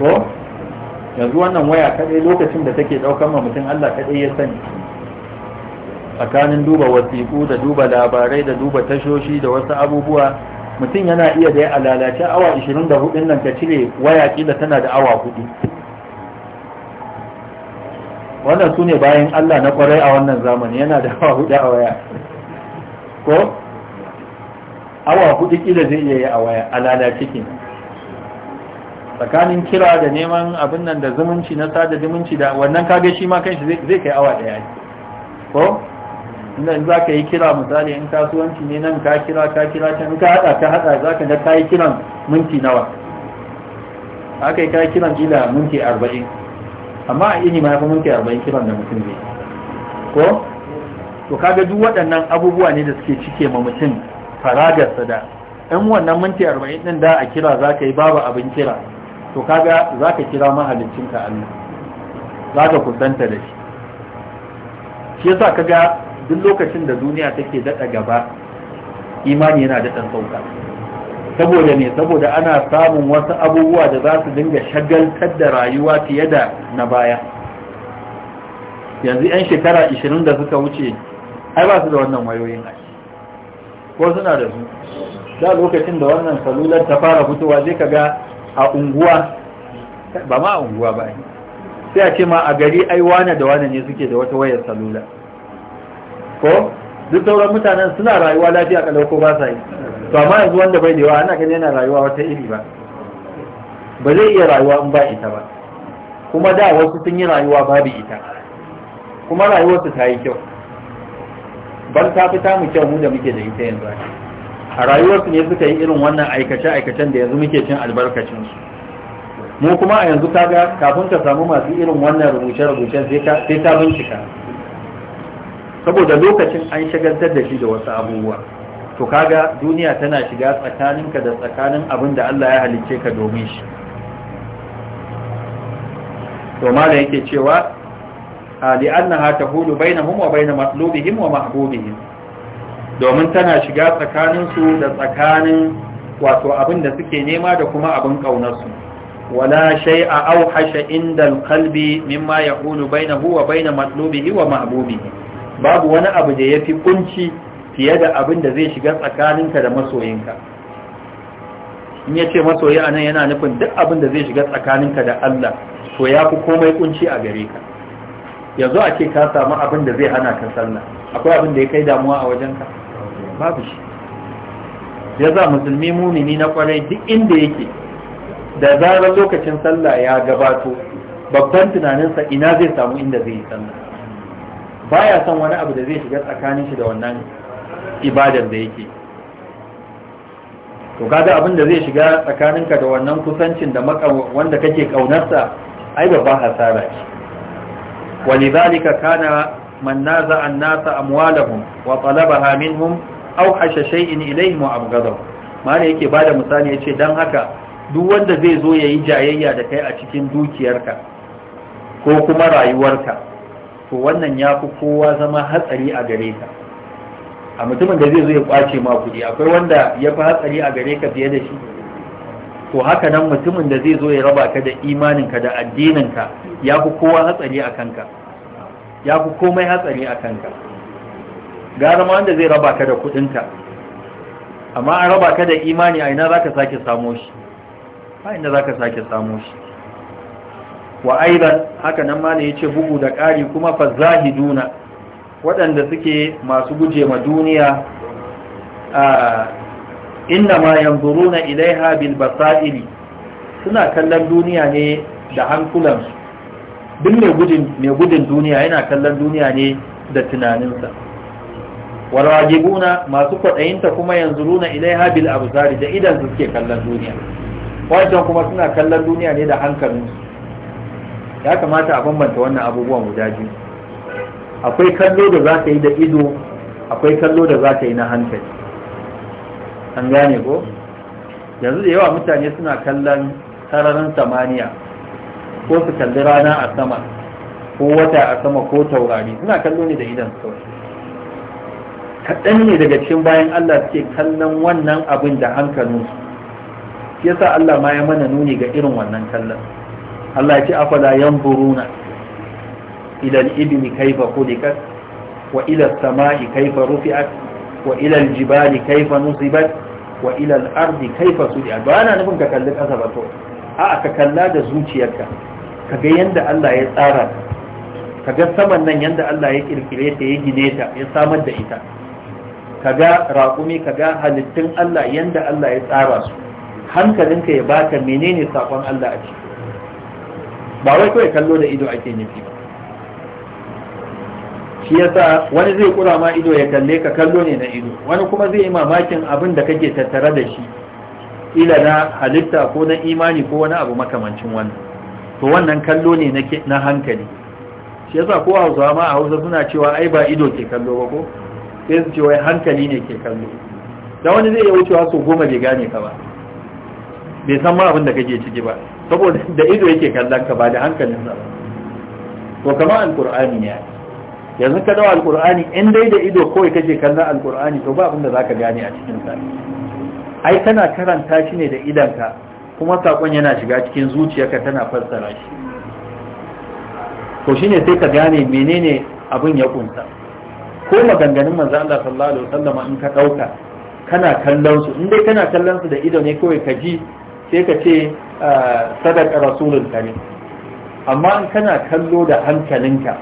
to yanzu wannan waya kaɗai lokacin da take ɗaukar ma mutum Allah kaɗai ya sani tsakanin duba wasiƙu da duba labarai da duba tashoshi da wasu abubuwa mutum yana iya da ya alalace awa 24 nan ka cire waya kila tana da awa 4 wannan su ne bayan Allah na kwarai a wannan zamani yana da awa hudu a waya ko awa hudu kila zai iya yi a waya a lalace ke tsakanin kira da neman abin nan da zumunci na sada zumunci da wannan kage shi ma kanshi zai kai awa daya ko inda za ka yi kira misali in kasuwanci ne nan ka kira ka kira can in ka haɗa ka haɗa za ka da ka yi kiran minti nawa aka yi ka yi kiran kila minti arba'in amma a ini ma ya fi minti arba'in kiran da mutum zai ko to kaga duk waɗannan abubuwa ne da suke cike ma mutum faragarsa da in wannan minti arba'in ɗin da a kira za ka yi babu abin kira to kaga za ka kira mahalicinka Allah za ka kusanta da shi shi yasa kaga duk lokacin da duniya take daɗa gaba imani yana daɗa sauka saboda ne saboda ana samun wasu abubuwa da za su dinga shagaltar da rayuwa fiye da na baya yanzu 'yan shekara 20 da suka wuce ai ba su da wannan wayoyin ake, ko suna da su da lokacin da wannan salular ta fara fitowa zai ga a unguwa ba ma a unguwa ba ne. sai a ce ma a gari ai wane da wane ne suke da wata wayar salula ko duk sauran mutanen suna rayuwa lafiya kalau ko ba sa yi to amma yanzu wanda bai da yawa ana ganin yana rayuwa wata iri ba ba zai iya rayuwa in ba ita ba kuma da wasu sun yi rayuwa babu ita kuma rayuwarsu ta yi kyau ban ta fi tamu kyau mu da muke da ita yanzu a rayuwarsu ne suka yi irin wannan aikace-aikacen da yanzu muke cin albarkacinsu mu kuma a yanzu ga kafin ka samu masu irin wannan rubuce-rubucen sai ta bincika saboda lokacin an shagaltar da shi da wasu abubuwa to kaga duniya tana shiga tsakaninka da tsakanin abin da Allah ya halicce ka domin shi to malam yake cewa ali annaha tahulu bainahum wa bain matlubihim wa mahbubihim domin tana shiga tsakanin su da tsakanin wato abin da suke nema da kuma abin kaunar su wala shay'a awhasha inda alqalbi mimma yaqulu bainahu wa bain matlubihi wa mahbubihi babu wani abu da ya fi kunci fiye da abin da zai shiga tsakaninka da masoyinka in ya ce masoyi a nan yana nufin duk abin da zai shiga tsakaninka da Allah to ya fi komai kunci a gare ka yanzu a ce ka samu abin da zai hana ka sallah akwai abin da ya kai damuwa a wajenka babu shi ya za musulmi mumini na kwarai duk inda yake da zarar lokacin sallah ya gabato babban tunaninsa ina zai samu inda zai yi sallah baya son wani abu da zai shiga tsakanin shi da wannan ibadar da yake to kaga abin da zai shiga tsakaninka da wannan kusancin da wanda kake kaunarsa ai babban hasara ce walidhalika kana man naza an-nasa amwalahum wa talabaha minhum aw hasha shay'in ilayhim wa abghadahum Mare yake bada misali yace dan haka duk wanda zai zo yayi jayayya da kai a cikin dukiyarka ko kuma rayuwarka to wannan ya fi kowa zama hatsari a gare ka a mutumin da zai zo ya kwace ma kuɗi akwai wanda ya fi hatsari a gare ka fiye da shi to haka nan mutumin da zai zo ya raba ka da imaninka da addininka ya fi kowa hatsari a kanka ya fi komai hatsari a kanka gara ma wanda zai raba ka da kuɗinka amma an raba ka da imani a ina za ka sake samo shi a ina sake samo shi wa aidan haka nan ma ce bugu da ƙari kuma fa zahiduna waɗanda suke masu guje ma duniya inna ma yanzuruna ilaiha bil basaili suna kallon duniya ne da hankulansu duk mai gudun mai gudun duniya yana kallon duniya ne da tunaninsa walwajibuna masu kwaɗayinta kuma yanzuruna ilaiha bil abzari da idan suke kallon duniya wajen kuma suna kallon duniya ne da hankalinsu ya kamata a bambanta wannan abubuwan guda biyu akwai kallo da za ka yi da ido akwai kallo da za ka yi na hankali an gane ko yanzu da yawa mutane suna kallon sararin samaniya ko su kalli rana a sama ko wata a sama ko taurari suna kallo ne da idan kawai kaɗan ne daga cikin bayan Allah suke kallon wannan abin da hankalinsu shi yasa Allah ma ya mana nuni ga irin wannan kallon Allah ya ce afala yanzuruna ila al-ibli kayfa khuliqat wa ila as-sama'i kayfa rufi'at wa ila al-jibali kayfa nusibat wa ila al-ardi kayfa sudiat ba ana nufin ka kalli kasa ba to a'a ka kalla da zuciyarka ka ga yanda Allah ya tsara ka ga saman nan yanda Allah ya kirkire ta ya gine ta ya samar da ita ka ga raƙumi ka ga halittun Allah yanda Allah ya tsara su hankalinka ya baka menene saƙon Allah a ciki ba wai kawai kallo da ido ake nufi ba shi yasa wani zai kura ma ido ya kalle ka kallo ne na ido wani kuma zai yi mamakin abin da kake tattare da shi ila na halitta ko na imani ko wani abu makamancin wannan to wannan kallo ne na hankali shi yasa ko hausawa ma a hausa suna cewa ai ba ido ke kallo ba ko sai su ce wai hankali ne ke kallo da wani zai iya wucewa so goma bai gane ka ba bai san ma abin da kake ciki ba saboda da ido yake kallon ka ba da hankalin ba to kamar alqur'ani ne yanzu ka dawo alkur'ani in dai da ido kawai kake kallon alqur'ani to ba abin da zaka gane a cikin sa ai kana karanta shi ne da idanka kuma sakon yana shiga cikin zuciyarka tana fassara shi to shine sai ka gane menene abin ya kunsa ko maganganun manzo Allah sallallahu alaihi wasallam in ka dauka kana kallon su in dai kana kallon su da ido ne kawai ka ji sai ka ce ah, sadaka rasulunka ne amma in kana kallo da hankalinka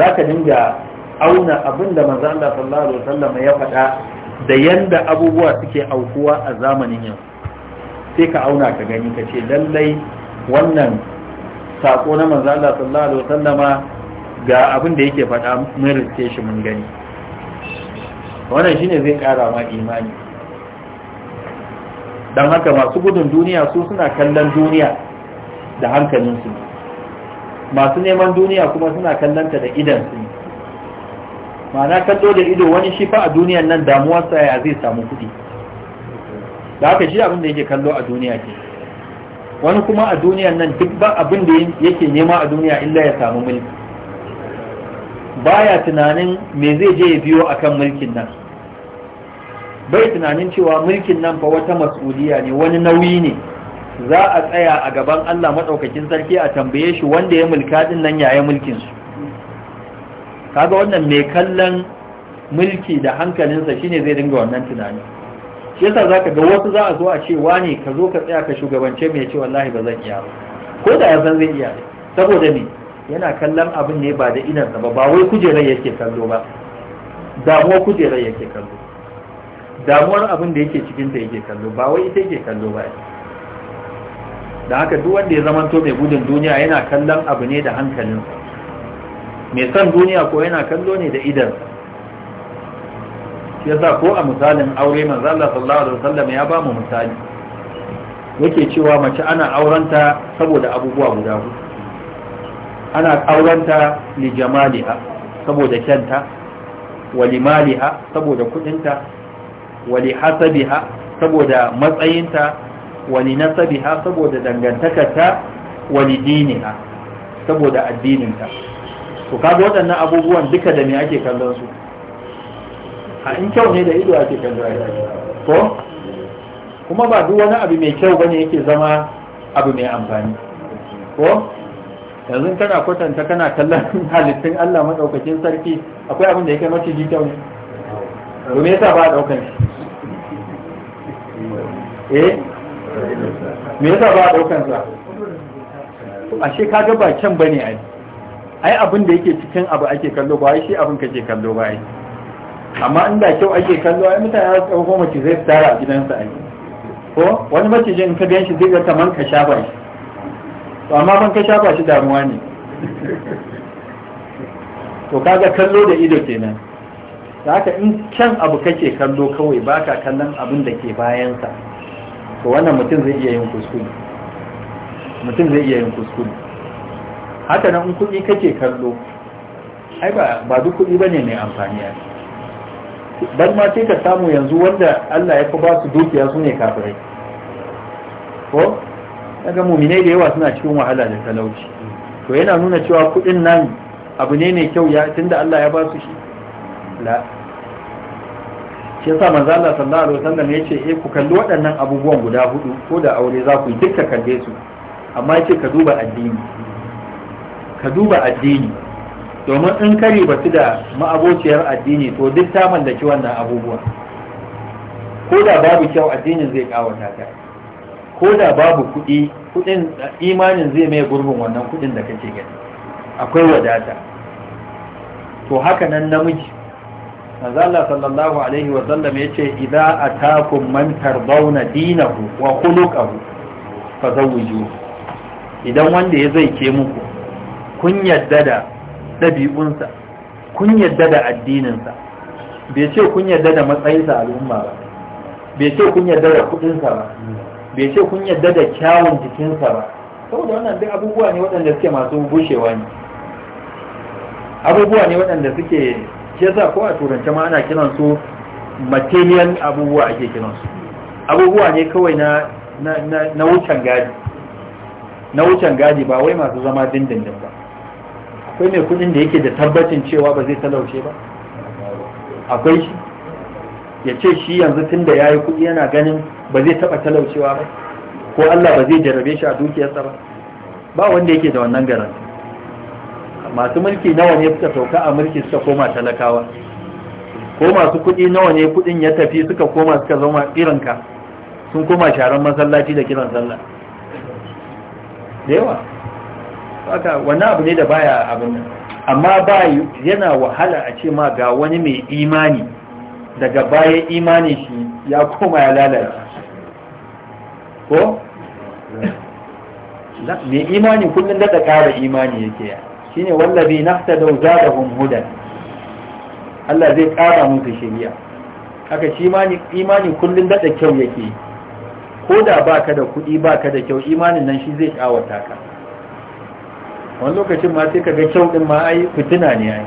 za ka dinga auna abin da manzo Allah sallallahu alaihi ya faɗa da yanda abubuwa suke aukuwa a zamanin yau sai ka auna ka gani ka ce lallai wannan saƙo na maza Allah sallallahu wasallama ga abin da yake faɗa mun rike shi mun gani wannan shine zai ƙara ma imani don haka masu gudun duniya su suna kallon duniya da hankalinsu masu neman duniya kuma suna kallonta da idansu ma'ana kallo da ido wani shi fa a duniyan nan damuwarsa ya zai samu kuɗi da haka shi abin da yake kallo a duniya ke wani kuma a duniyan nan duk ba abin da yake nema a duniya illa ya samu mulki baya tunanin me zai je ya biyo akan mulkin nan bai tunanin cewa mulkin nan fa wata mas'uliya ne wani nauyi ne za a tsaya a gaban Allah madaukakin sarki a tambaye shi wanda ya mulka din nan yayin mulkin su kaga wannan mai kallon mulki da hankalinsa shine zai dinga wannan tunani shi yasa zaka ga wasu za a zo a ce wani ka zo ka tsaya ka shugabance mai ce wallahi ba zan iya ba ko da ya san zai iya saboda me yana kallon abin ne ba da idansa ba ba wai kujerar yake kallo ba damuwa kujerar yake kallo damuwar abin da yake cikinta yake kallo ba wai ita yake kallo ba da haka duk wanda ya zama mai gudun duniya yana kallon abu ne da hankalinsa mai son duniya ko yana kallo ne da idansa ya sa ko a misalin aure zalla sallallahu alaihi wasallam ya ba mu misali yake cewa mace ana aurenta saboda abubuwa guda hudu ana aurenta li jamaliha saboda kyanta wa limaliha saboda kudinta wali hasabiha saboda matsayinta wali nasabiha saboda dangantakarta dini diniha saboda addininta to kaga waɗannan abubuwan duka da me ake kallon su a in kyau ne da ido ake kallon su ko kuma ba duk wani abu mai kyau bane yake zama abu mai amfani ko yanzu kana kwatanta kana kallon <laughs> halittun Allah madaukakin sarki akwai abin da yake mace ji kyau ne domin yasa ba a ɗaukar shi eh me yasa ba a ɗaukar sa ashe ga ba can bane ai ai abin da yake cikin abu ake kallo ba ai shi abin kake kallo ba ai amma inda kyau ake kallo ai mutane za su dauko mace zai tara a gidansa ai ko wani macijin ka gan shi zai ga kaman ka shafa shi to amma ban ka shafa shi damuwa ne <laughs> to kaga kallo da ido kenan da haka in can abu kake kallo kawai baka kallon abin da ke bayansa to wannan mutum zai iya yin kuskure mutum zai iya yin kuskure haka nan in kuɗi kake kallo ai ba duk kuɗi bane mai amfani a ban ma sai ka samu yanzu wanda Allah ya fi ba su dukiya su ne kafirai ko daga muminai da yawa suna cikin wahala da talauci to yana nuna cewa kuɗin nan abu ne mai kyau ya tunda Allah ya ba su shi la shi yasa manzo Allah sallallahu alaihi wasallam yace eh ku kalli waɗannan abubuwan guda hudu ko da aure za ku yi dukka kalle su amma yace ka duba addini ka duba addini domin in kare su da ma'abociyar addini to duk ta mallaki wannan abubuwa ko da babu kyau addinin zai kawata ta ko da babu kuɗi kuɗin imanin zai mai gurbin wannan kuɗin da kake gani akwai wadata to haka nan namiji Allah sallallahu alaihi wa sallam yace idza atakum man tardawna dinahu wa khuluquhu fazawwiju idan wanda ya zai ke muku kun yadda da dabi'unsa kun yadda da addininsa bai ce kun yadda da matsayinsa al'umma ba bai ce kun yadda da kudinsa ba bai ce kun yadda da kyawun jikinsa ba saboda wannan duk abubuwa ne waɗanda suke masu bushewa ne abubuwa ne waɗanda suke shi yasa ko a turance ma ana kiran su material abubuwa ake kiran su abubuwa ne kawai na na wucin gadi na wucin gadi ba wai masu zama dindindin ba akwai mai kudin da yake da tabbacin cewa ba zai talauce ba akwai shi ya ce shi yanzu tun da ya yi kudi yana ganin ba zai taba talaucewa ba ko Allah ba zai jarabe shi a dukiyarsa ba ba wanda yake da wannan garanti masu mulki nawa ne suka sauka a mulki suka koma talakawa ko masu kuɗi nawa ne kuɗin ya tafi suka koma suka zama irinka sun koma sharan masallaci da kiran sallah da yawa haka wani abu ne da baya abin nan amma ba yana wahala a ce ma ga wani mai imani daga baya imani shi ya koma ya lalace ko mai imani kullum da ƙara imani yake ya shine wallafi nafta da zadahum hudan Allah zai kara musu shari'a haka shi imani kullum daɗa kyau yake ko da baka da kuɗi baka da kyau imanin nan shi zai kawata ka wani lokacin ma sai ga kyau din ma ai fitina ne ai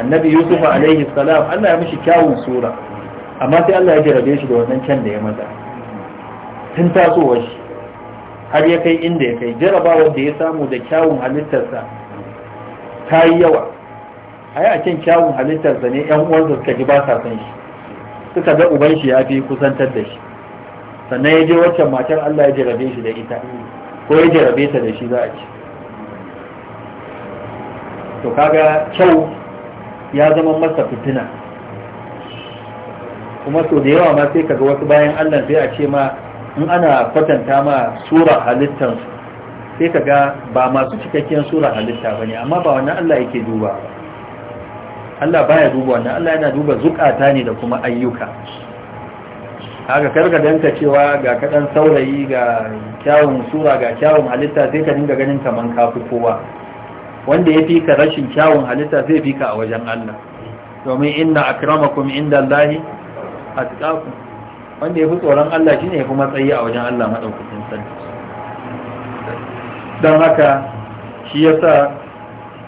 annabi yusuf alaihi salam Allah ya mishi kyawun sura amma sai Allah ya jarabe shi da wannan can da ya maza tun tasowar shi har ya kai inda ya kai jarabawar da ya samu da kyawun halittarsa ta yi yawa ai a cin kyawun halittarsa ne yan uwansa suka ji ba sa san shi suka ga uban shi ya fi kusantar da shi sannan ya je waccan matar Allah ya jarabe shi da ita ko ya jarabe ta da shi za a ci to kaga kyau ya zama masa fitina kuma so da yawa ma sai kaga wasu bayan Allah sai a ce ma in ana kwatanta ma sura halittansu sai ka ga ba masu cikakken sura halitta ba ne amma ba wannan Allah yake duba ba Allah baya duba wannan Allah yana duba zukata ne da kuma ayyuka haka karka danka cewa ga kaɗan saurayi ga kyawun sura ga kyawun halitta sai ka dinga ganin kaman kafi kowa wanda ya fi ka rashin kyawun halitta zai fi ka a wajen Allah domin inna akramakum inda a atqakum wanda ya fi tsoron Allah shi ne ya fi matsayi a wajen Allah maɗaukacin sani. don haka shi ya sa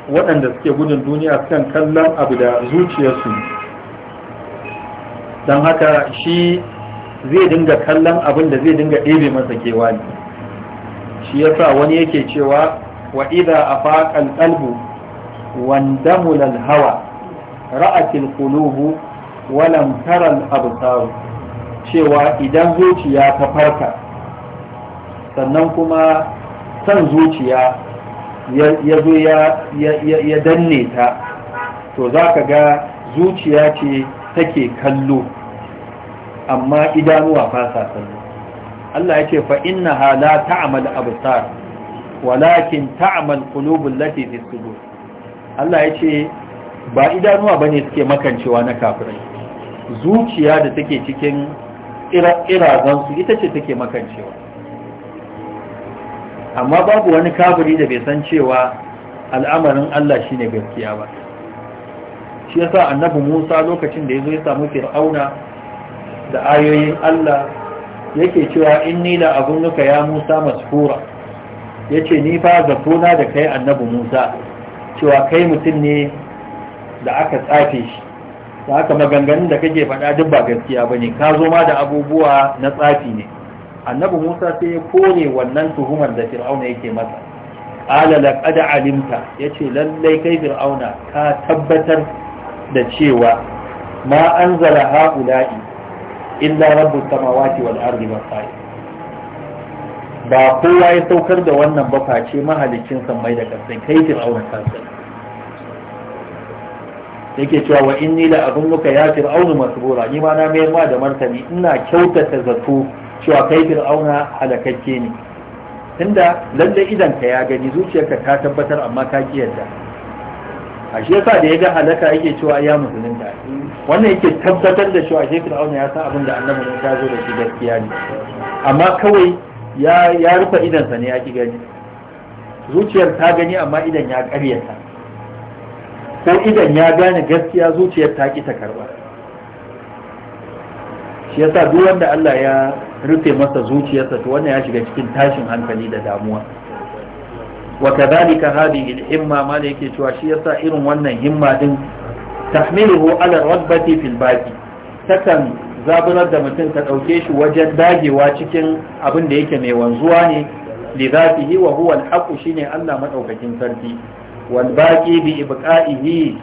waɗanda suke gudun duniya sukan kallon abu da zuciyarsu don haka shi zai dinga kallon abin da zai dinga ɗebe masa kewa ne shi ya sa wani yake cewa wa idha a faƙan ƙalbu wanda mulal hawa ra'atin kulubu walam wa abu cewa idan zuciya ta farka sannan kuma san zuciya ya zo ya danne ta to za ka ga zuciya ce take kallo amma idanuwa fasa kallo Allah ya ce fa inna hala ta'amal absar walakin ta'amal qulubul lati fi Allah ya ce ba idanuwa bane suke makancewa na kafirai zuciya da take cikin irazansu ita ce take makancewa amma babu wani kaburi da bai san cewa al'amarin Allah shi ne gaskiya ba shi yasa annabi musa lokacin da ya zo ya samu fir'auna da ayoyin Allah yake cewa inni la nuka ya musa maskura ya ce ni fa da kai annabi musa cewa kai mutum ne da aka tsafe shi da haka maganganun da kake faɗa duk ba gaskiya ba ne ka zo ma da abubuwa na tsafi ne annabi musa sai ya kore wannan tuhumar da fir'auna yake masa ala laqad alimta yace lallai kai fir'auna ka tabbatar da cewa ma anzala haula'i illa rabbus samawati wal ardi basair ba kowa ya saukar da wannan ba face mahalicin sammai da kasai kai fir'auna ka sani yake cewa wa inni la azunuka ya fir'aunu masbura ni ma na mayarwa da martani ina kyautata zato cewa kai fir'auna halakakke ne tunda lalle idan ka ya gani zuciyarka ta tabbatar amma ka kiyarta a shi yasa da ya ga halaka yake cewa ya musulunta wannan yake tabbatar da cewa shi fir'auna ya san abin da annabi ne ta zo da shi gaskiya ne amma kawai ya ya rufe sa ne ya ki gani zuciyar ta gani amma idan ya karyata ko idan ya gane gaskiya zuciyar ta ki ta karɓa, shi yasa duk wanda Allah ya rufe masa zuciyarsa to wannan ya shiga cikin tashin hankali da damuwa wa kadhalika hadhihi al-himma ma da yake cewa shi yasa irin wannan himma din tahmiluhu ala rabbati fil baqi takan zaburar da mutum ta dauke shi wajen dagewa cikin abin da yake mai wanzuwa ne li zatihi wa huwa al-haqq shine Allah madaukakin sarki wal baqi bi ibqa'ihi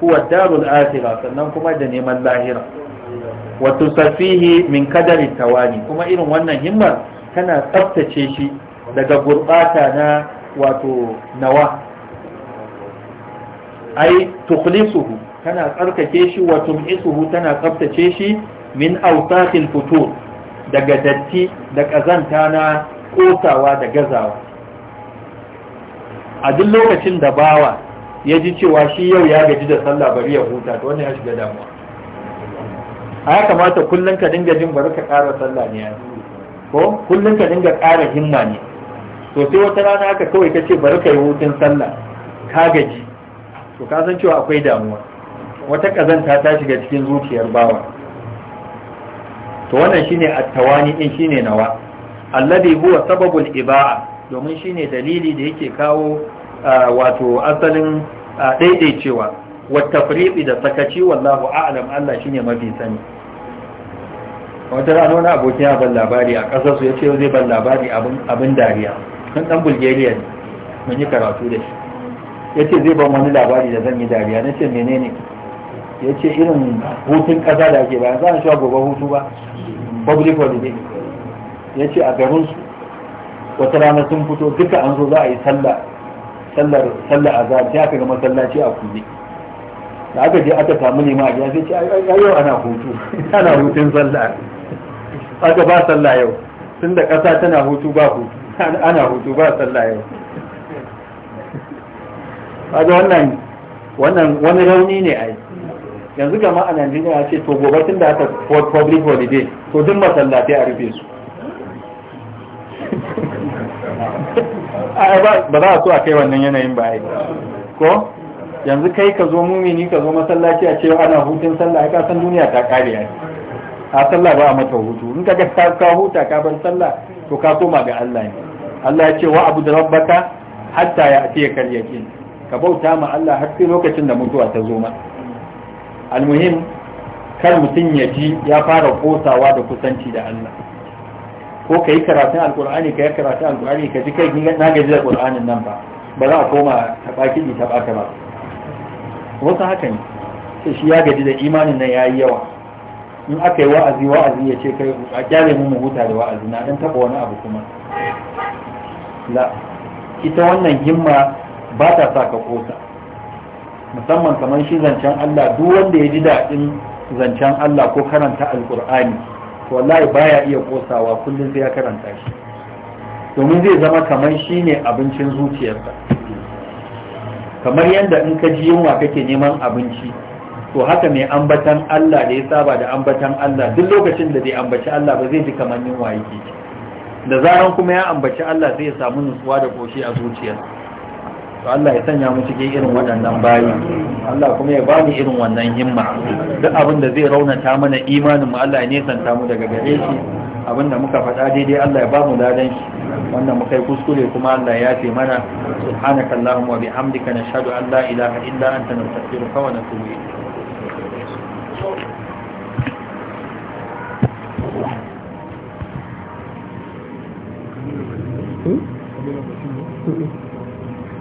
huwa darul akhirah sannan kuma da neman lahira wa tusafihi min kadari ne. kuma irin wannan himmar tana tsaftace shi daga gurɓata na wato nawa ai tukhlisuhu tana tsarkake shi wa tum'isuhu tana tsaftace shi min awsaqil fito daga datti da kazanta na kosawa da gazawa a duk lokacin da bawa ya ji cewa shi yau ya gaji da sallah bari ya huta to wannan ya shiga damuwa a ya kamata kullum ka dinga jin bari ka ƙara sallah ne ko kullum ka dinga ƙara himma ne to sai wata rana aka kawai ka ce bari ka yi hutun sallah ka gaji to ka san cewa akwai damuwa wata ƙazanta ta shiga cikin zuciyar bawa to wannan shine at-tawani din shine nawa alladhi huwa sababul iba'a domin shi ne dalili da yake kawo wato asalin daidaicewa wattafriqi da sakaci wallahu a'lam Allah ne mafi sani wata rana wani abokin ya ban labari a ƙasar su ya ce zai ban labari abin dariya kan ɗan bulgaria ne mun yi karatu da shi ya ce zai ban wani labari da zan yi dariya na ce menene ya ce irin hutun ƙasa da ake bayan za a sha gobe hutu ba public holiday ya ce a garin su. wata rana sun fito duka an zo za a yi sallah sallar sallar a sai aka ga masallaci a kulle da aka je aka samu lima a gida sai ce yau ana hutu <laughs> ana hutun sallah aka ba sallah yau tun da ƙasa tana hutu ba hutu ana hutu ba sallah yau kaga wannan wannan wani rauni ne yi. yanzu gama a Najeriya ce to gobe tun da aka public holiday to duk masallatai a rufe su ba za a so a kai wannan yanayin ba ko yanzu kai ka zo mumini ka zo masallaci a cewa ana hutun sallah ka san duniya ta kare ne a sallah ba a mata hutu in ka ga ka huta ka bar sallah to ka koma ga Allah ne Allah ya ce wa abu da rabbaka hatta ya atiya kal yakin ka bauta ma Allah har sai lokacin da mutuwa ta zo ma almuhim kar mutum ya ji ya fara kosawa da kusanci da Allah ko ka yi karatun alkur'ani ka yi karatun alkur'ani ka ji kai na gaji da alkur'anin nan ba ba za a koma taɓa kiɗi taɓa ka ba wasu haka ne sai shi ya gaji da imanin nan ya yi yawa in aka yi wa'azi wa'azi ya ce kai a kyale mu huta da wa'azi na dan taɓa wani abu kuma la ita wannan himma ba ta sa ka kosa musamman kamar shi zancen Allah duk wanda ya ji daɗin zancen Allah ko karanta alkur'ani wallahi baya iya kosawa kullum sai ya karanta shi domin zai zama kamar shi ne abincin zuciyarsa kamar yadda in ka ji yunwa kake neman abinci to haka mai ambatan Allah da ya saba da ambatan Allah duk lokacin da zai ambaci Allah ba zai ji kamar yunwa yake da zaran kuma ya ambaci Allah zai samu nutsuwa da koshi a zuciyarsa to Allah ya sanya mu cikin irin waɗannan bayi Allah kuma ya bani irin wannan himma duk abin da zai raunata mana imanin mu Allah ya nesanta mu daga gare shi abin da muka faɗa daidai Allah ya ba mu ladan shi wanda muka yi kuskure kuma Allah ya ce mana subhanaka allahumma wa bihamdika nashhadu an la ilaha illa anta nastaghfiruka wa natubu ilayk Mm-hmm.